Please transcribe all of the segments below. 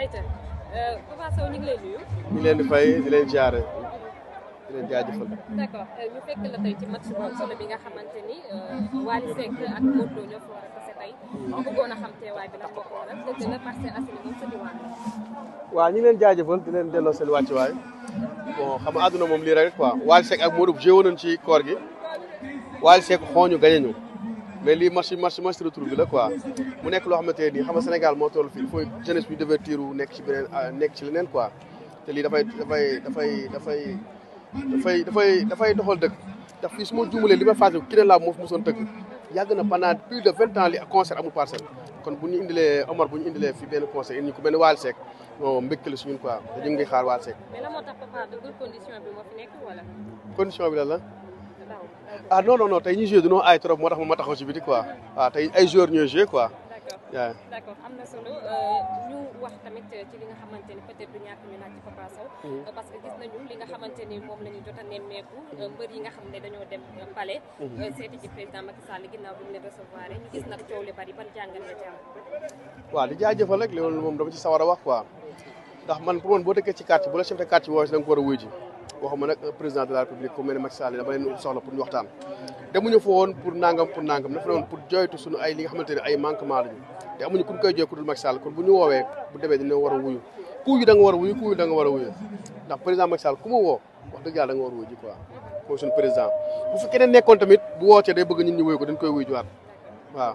ayta euh, Papa Sow leen di fay leen jaare di leen jaajëfal. Euh, bi nga euh, xam teewaay ñu leen jaajëfal di leen delloo seen bon xam nga àdduna moom lii rek quoi Wally ak Modou Lo jéewoon ci koor gi Wally xooñu gañe mais lii marché marché marché retour bi la quoi mu nekk loo xamante ne nii xam nga Sénégal moo toll fii il faut jeunesse bi divertir wu nekk ci beneen ah, nekk ci leneen quoi te lii dafay dafay dafay dafay dafay dafay dafay doxal dëkk ndax fii su ma juumalee li ma fàttali ki ne laa moo fi mosoon tëgg yàgg na pendant plus de vingt ans li concert amul parcelle kon bu ñu indilee Omar bu ñu indilee fii benn concert indi ko benn Waly Seck non mbégte la suñu quoi dañu ngi xaar Waly Seck. condition la. ah non non non tey ñuy joué dañoo aay trop moo tax ma taxaw ci biti quoi waaw ah, tey ay joueurs ñooy joué quoi. waaw d'accord am na solo euh, ñu wax tamit ci li nga xamante ni mm-hmm. euh, moom la ñu nemmeeku euh, mm-hmm. mbër yi nga xam ne dañoo dem palais. Mm-hmm. seeti ci président Macky Sall ginnaaw bi mu leen recevoir ñu gis nag coow li bari ban jàngat nga ci am. waaw di jaajëfal rek loolu moom dama ci sawar a wax quoi ndax man pour man boo dëkkee ci quartier bu la chef de quartier wooyee si da nga waxuma nag président de la république ku mel ne Macky na dama leen soxla pour ñu waxtaan. demuñu fa woon pour nangam pour nangam dafa ne woon pour joytu ay li nga xamante ne ay manquement lañu te amuñu ku ñu koy jooy ku dul Macky Sall kon bu ñu woowee bu demee dina war a wuyu ku wuyu da nga a wuyu ku a wuyu ndax président Macky Sall ku mu woo wax dëgg yàlla da nga a wuyu ji quoi mooy suñu président bu fi keneen nekkoon tamit bu wootee day bëgg ñun ñu wuyu ko dañ koy wuyu jiwaat waaw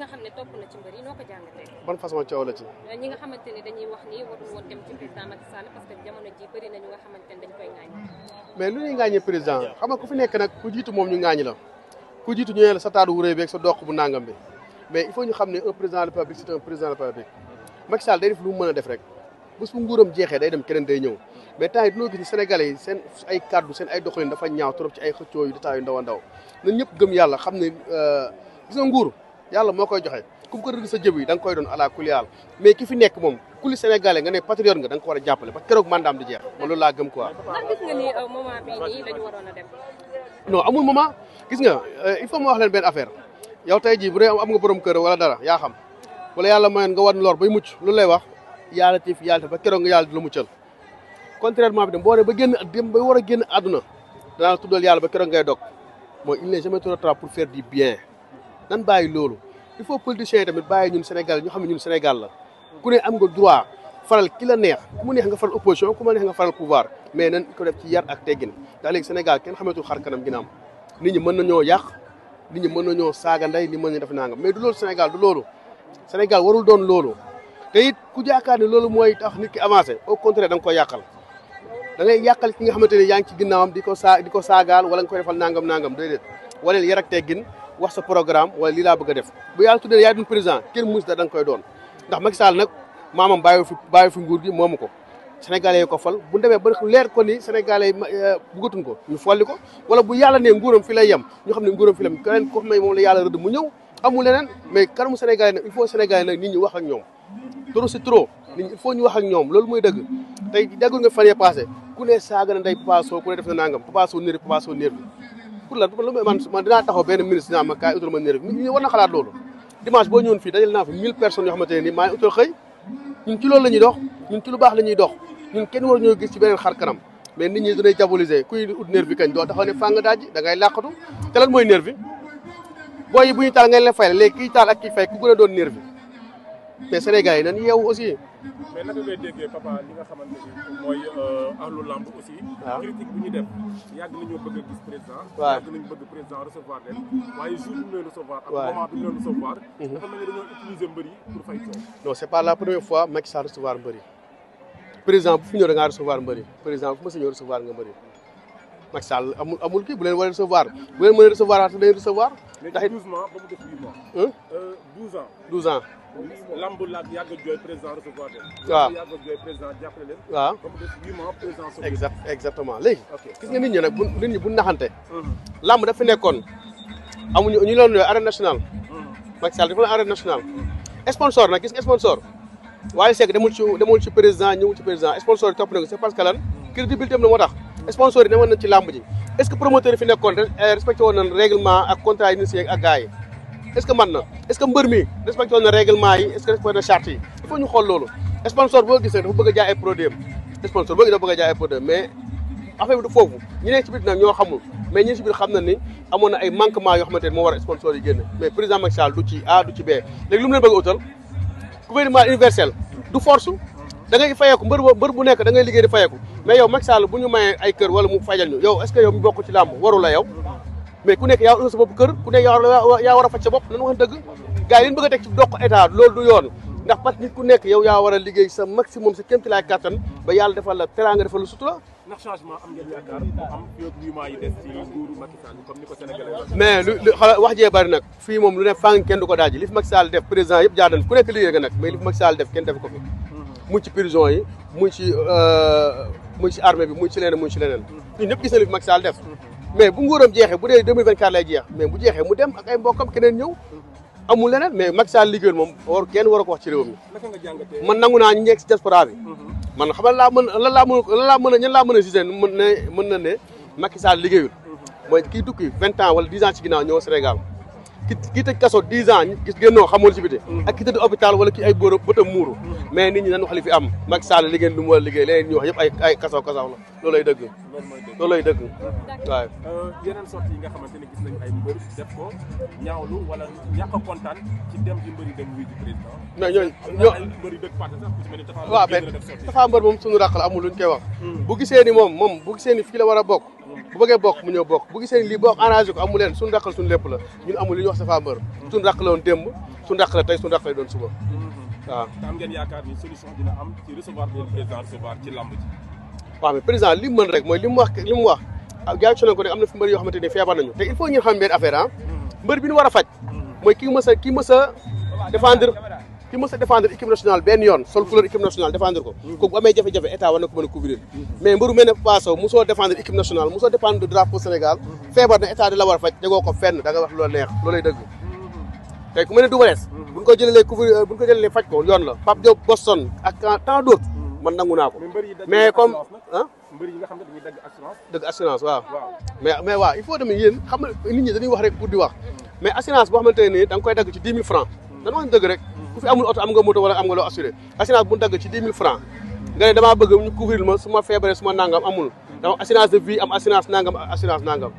nga xam ne topp yi façon coow la ci. ñi nga xamante ne président Macky Sall parce na ku fi nekk nag ku jiitu moom ñu ŋaañ la ku jiitu ñu ne la sa taatu wu rëy beeg sa doq bu nangam bi mais il faut ñu xam ne un président de la République c'est un président de la République Macky Sall day def lu mën a def rek bés bu nguuram jeexee day dem keneen day ñëw mais temps yi dañoo gis ne sénégalais seen ay kàddu seen ay doxalin dafa ñaaw trop ci ay xëccoo yu détails yu ndaw a ñëpp gëm yàlla xam ne euh, gis nga yalla mo koy joxe kum ko rëdd sa jëb yi dang koy don ala kuliyal mais ki fi nek mom kuli sénégalais nga né patriote nga dang ko wara jappalé jàppale parce que keroog mandaam di jeex mo loolu laa gëm quoi. lan gis nga ni euh, moment bii nii la ñu dem. non amul moment gis nga euh, il faut mo wax len ben affaire yow tay ji bu dee am nga borom kër wala dara ya xam wala yàlla mayoon nga wone lor bay mucc lu lay wax yalla tif yalla ba kérok nga yalla di la muccal contrairement bi dem bo ne ba génn dem ba wara a aduna da danaa tuddal yalla ba kérok ngay dog mooy il n'est jamais trop tard pour faire du bien nan bàyyi loolu il faut politiciens yi tamit bàyyi ñun Sénégal ñu xam ne ñun Sénégal la ku ne am nga droit faral ki la neex ku mu neex nga faral opposition ku mu neex nga faral pouvoir mais nan ko def ci yar ak teggin ndax léegi Sénégal kenn xamatul xar kanam ginnaam nit ñi mën nañoo yàq nit ñi mën nañoo saaga ndey nit mën nañu def nangam mais du loolu Sénégal du loolu Sénégal warul doon loolu te it ku jaakaar ne loolu mooy tax nit ki avancé au contraire da nga koy yàqal da ngay yàqal ki nga xamante ne yaa ngi ci ginnaawam di ko saa di ko saagaal wala nga koy defal nangam nangam déedéet waleel yar ak teggin wax sa programme wala lii laa bëgg def bu yàlla tuddee yaay doon président kenn muus da nga koy doon ndax Macky Sall nag maamam bàyyi fi bàyyi fi nguur gi moom ko sénégalais yi ko fal bu demee ba leer ko ni sénégalais yi euh, bëggatuñ ko ñu li ko wala bu yàlla ne nguuram fi lay yem ñu xam ne nguuram fi la keneen ko may moom la yàlla rëdd mu ñëw amul leneen mais kanamu sénégalais nag il faut sénégalais wax ak ñoom trop c'est trop nit ñi il ñu wax ak ñoom loolu mooy dëgg tey déggoon nga fan yee passé ku ne saaga na ndey Papa Sow ku ne def na nangam Papa pour la pour la man man dinaa taxaw benn ministre dinaa ma kaay utal ma nervi nit ñi war na xalaat loolu dimanche boo ñëwoon fii dajal naa fi mille personnes yoo xamante ne nii maa ngi xëy ñun ci la ñuy dox ñun ci baax la ñuy dox ñun kenn war ñu gis ci beneen xar kanam mais nit ñi dañuy diaboliser kuy ut nervi kañ doo taxaw ne fàng daaj da ngay làqatu te lan mooy nervi booy yi bu ñu taal ngeen leen fay léegi kii taal ak kii fay ku gën a doon nervi mais Sénégal yi nan yeewu aussi mais naka ngay déggee papa li nga xamante ni mooy euh, ahlu lamb aussi. waaw ah. critique bu ñu def yàgg nañoo bëgg a gis président. waaw yàgg nañu bëgg président recevoir leen waaye jour bi ñu leen recevoir. ak moment bi ñu leen recevoir. Mhm. dafa mel ni dañoo la première fois Macky Sall recevoir mbër yi président bu fi ñëw da ngaa recevoir mbër yi président bu ma si ñëw recevoir nga mbër yi Macky Sall amul amul kii bu leen war a recevoir bu leen mën a recevoir ah te dañuy recevoir. ndax it ba lamb la yàgg jooy président recevoir leen. waaw yàgg jooy président jàppale leen. waaw comme huit mois président. exact exactement léegi. gis nga nit ñi nag bu nit ñi bu naxante. Mhm. lamb dafa nekkoon amuñu ñu loolu yooyu arène nationale. Mhm. Macky Sall dafa la arène nationale. sponsor nag gis nga sponsor. waaye Seck demul ci demul ci président ñëwul ci président sponsor yi topp na ko c'est parce que lan. Mhm. crédibilité am na moo tax. sponsor yi demoon nañ ci lamb ji. est-ce que promoteur yi fi nekkoon respecté woon nañ règlement ak contrat yi ñu signé ak gars yi. est ce que man na est ce que mbër mi respecté woon na règlement yi est ce que respecté na charte yi il ñu xool loolu boo gisee dafa bëgg a jaay ay produit am boo gisee dafa bëgg a jaay ay produit mais affaire bi du foofu ñu nekk ci nag ñoo xamul mais ñi ci xam na ni amoon ay manquement yoo xamante ne moo war a sponsor yi génne mais président Macky Sall du ci A du ci B léegi lu mu leen bëgg a utal gouvernement universel du force da ngay fayeeku fayeeku mais bokk ci yow mais ku nekk yaa war sa bopp kër ku nekk yaa war a faj sa bopp nañu wax dëgg gars yi leen bëgg a teg ci doq état loolu du yoon ndax parce que nit ku nekk yow yaa war a liggéey sa maximum sa kéem tilaay kattan ba yàlla defal la teraanga defal la sutura ndax changement am ngeen yaakaar am mois yi des ci nguuru Macky Sall comme ni ko sénégalais mais lu xala wax jee bari nag fii moom lu ne fànk kenn du ko daaji li fi Macky Sall def président yëpp jaar nañ ku nekk liggéey nga nag mais li fi Macky Sall def kenn def ko fi mu ci prison yi mu ci mu ci armée bi mu ci leneen mu ci leneen ñun ñëpp gis na li fi Macky Sall def mais bu nguuram jeexee bu dee 2024 lay jeex mais bu jeexee mu dem ak ay mbokkam keneen ñëw amul leneen mais Macky Sall liggéeyul moom war kenn war a ko wax ci réew mi man nangu naa ñu nekk si mhm. man xamal laa mën lan laa mën a ñan laa mën a gisee mën ne mën na ne Macky Sall liggéeyul mhm. mooy kii tukki vingt ans wala dix ans ci ginnaaw ñëw Sénégal ki ki tëj kaso dix ans gis génnoo xamoon si biti mm. ak ki tëdd hôpital wala ki ay bóora bëtam muuru mm. mais nit ñi nan wax li fi am Macky Sall liggéey lu mu war a liggéey leneen ñu waaw euh, yi nga xamante ne gis nañu ay mbër def ko ñaawlu a kontaan ci dem ji mbëri dem wuy ji mais ñooñu ñoo mbër moom suñu ràq la amul luñ koy wax mm. bu gisee ni moom moom bu gisee ni fii la war a bokk bu bëggee bokk mu ñëw bokk bu gisee lii bokk arrangé ko amu leen la suñu lépp la ñun amul li ñuy wax Tapha Mbeur suñu raq la woon démb suñu raq la tey suñu raq lay doon suba mu mën rek mooy wax li mu ko ah, ne am na fi mbër yoo xamante ah. mm-hmm. war a faj mm-hmm. mooy ki mës a ki mës ki mës a défendre équipe nationale yoon sol couleur équipe nationale défendre ko mm-hmm. kooku bu amee jafe-jafe état war na ko mën a couvrir mm-hmm. mais mbëru mel ne Papa Sow mosoo défendre équipe nationale mosoo drapeau Sénégal mm-hmm. feebar na état di la faj jegoo ko fenn da wax loolu neex loolay dëgg tey ku mel ne Doubalès buñ ko jëlee faj ko yoon la Pape Diop Boston ak tant d'autres man nangu naa ko mais comme ah dagg assurance dagg mais mais il faut tamit yéen xam ku fi amul oto am nga moto wala am nga loo assuré assurance bu ñu ci 10 000 francs nga ne damaa bëgg ñu couvrir ma su ma feebaree su ma nangam amul dama assurance de assurance nangam assurance nangam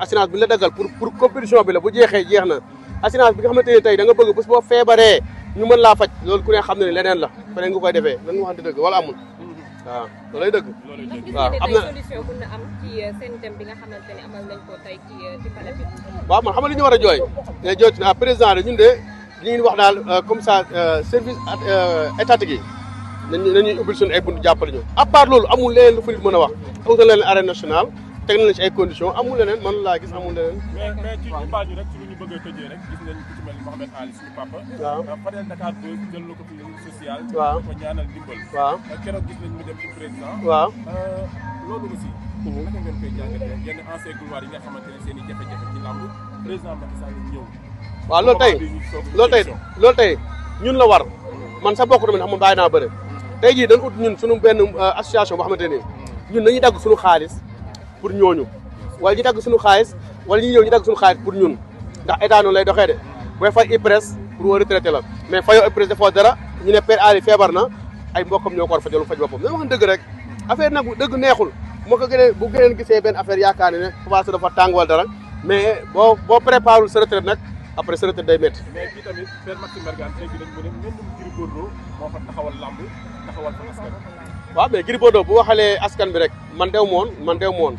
assurance bi la daggal pour pour compétition bi la bu jeex na assurance bi nga xamante ne tey da nga bëgg bés boo feebaree ñu mën laa faj loolu ku ne xam ne leneen la feneen nga koy defee lan nga waxante waaw am na solution mën euh, bi nga xamante ne amal nañ euh, man xam nga li ñu war a jooy. ne eh, jooy ah président de ñun de li ngeen wax daal euh, comme ça euh, service euh, étatique yi nañu nañuy ubbil suñu ay bunt jàppale ñu à loolu amul leneen lu fa nit mën a wax awta leen arène nationale teg nañ ci ay conditions amul leneen man laa gis amul leneen. mais mais ci ñu rek ci a tëjee euh, ko fi social. waaw dafa ñaanal dimbal. waaw euh, keroog gis nañ mu euh, mhm. i jafe-jafe ci làmb président Macky Sall ñëw. tey loolu tey loolu tey ñun la war man sa bokk tamit xam nga bàyyi naa bëre. Mhm. tey jii dañ ut ñun suñu benn association boo xamante ne ñun nañu dagg suñu xaalis pour ñooñu wala ñu dagg suñu xaalis wala ñu ñëw ñu dagg suñu xaalis pour ñun ndax état lay doxee de booy fay IPRES pour woo retraité la mais fayoo IPRES defoo dara ñu ne Père Ali feebar na ay mbokkam ñoo ko war fajal mu faj boppam mais wax dëgg rek affaire nag neexul moo ko gënee bu gëneen gisee affaire yaakaar ne ne commencé dafa tàng wala dara mais boo boo préparé sa retraite après sa day métti. mais fii fa taxawal làmb taxawal fa askan waaw mais Gris waxalee askan bi rek man dew moon man dew moon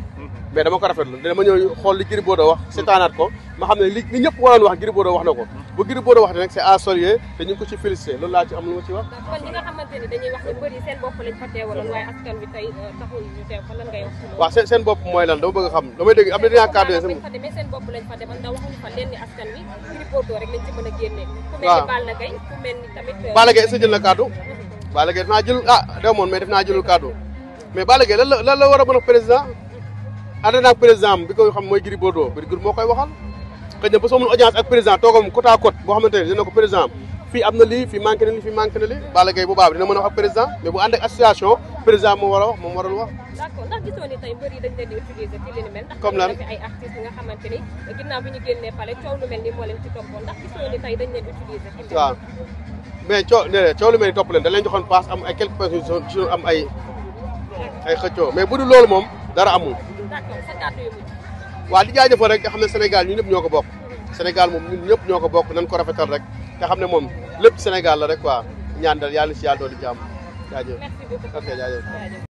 mais dama ko rafet rafetlu dama ñëw xool li Gris Bordeaux wax seetaanaat ko ma xam ne li li ñëpp waroon wax Gris Bordeaux wax na ko bu Gris Bordeaux wax nag te ko ci félicité loolu laa ci am lu ma ci wax kon seen bopp lañ euh, mooy lan dama bëgg a xam damay dégg am a génne ku mel ni Balla Gaye ku mel ni tamit euh, Balla jël na kaddu Balla Gaye def naa jël ah moon mais def naa jëlul kaddu mais Balla Gaye lan la lan la war a mën a président ànd naa ak président bi ko xam mooy Gris Bordeaux moo koy waxal xëy na ba soo mën audience ak président toogam côte à côte boo xamante ne dina ko président fii am na lii fii manqué na lii fii manqué na lii Balla Gaye bu baax dina a wax ak a wax coow lu mel ni moo ci toppoon ndax gisoo ni tey dañ leen utiliser. waaw mais coo coow lu mel ni topp leen dañ joxoon paas am ay quelques personnes yu am ay ay xëccoo mais bu dul loolu moom dara amul. waaw di jaajëfal rek nga xam ne Sénégal ñu ñëpp ñoo ko bokk Sénégal moom ñun ñëpp ñoo ko bokk nañ ko rafetal rek nga xam ne moom lépp Sénégal la rek waa ñaan dal yàlla si yàlla doon di jàmm jaajëf ok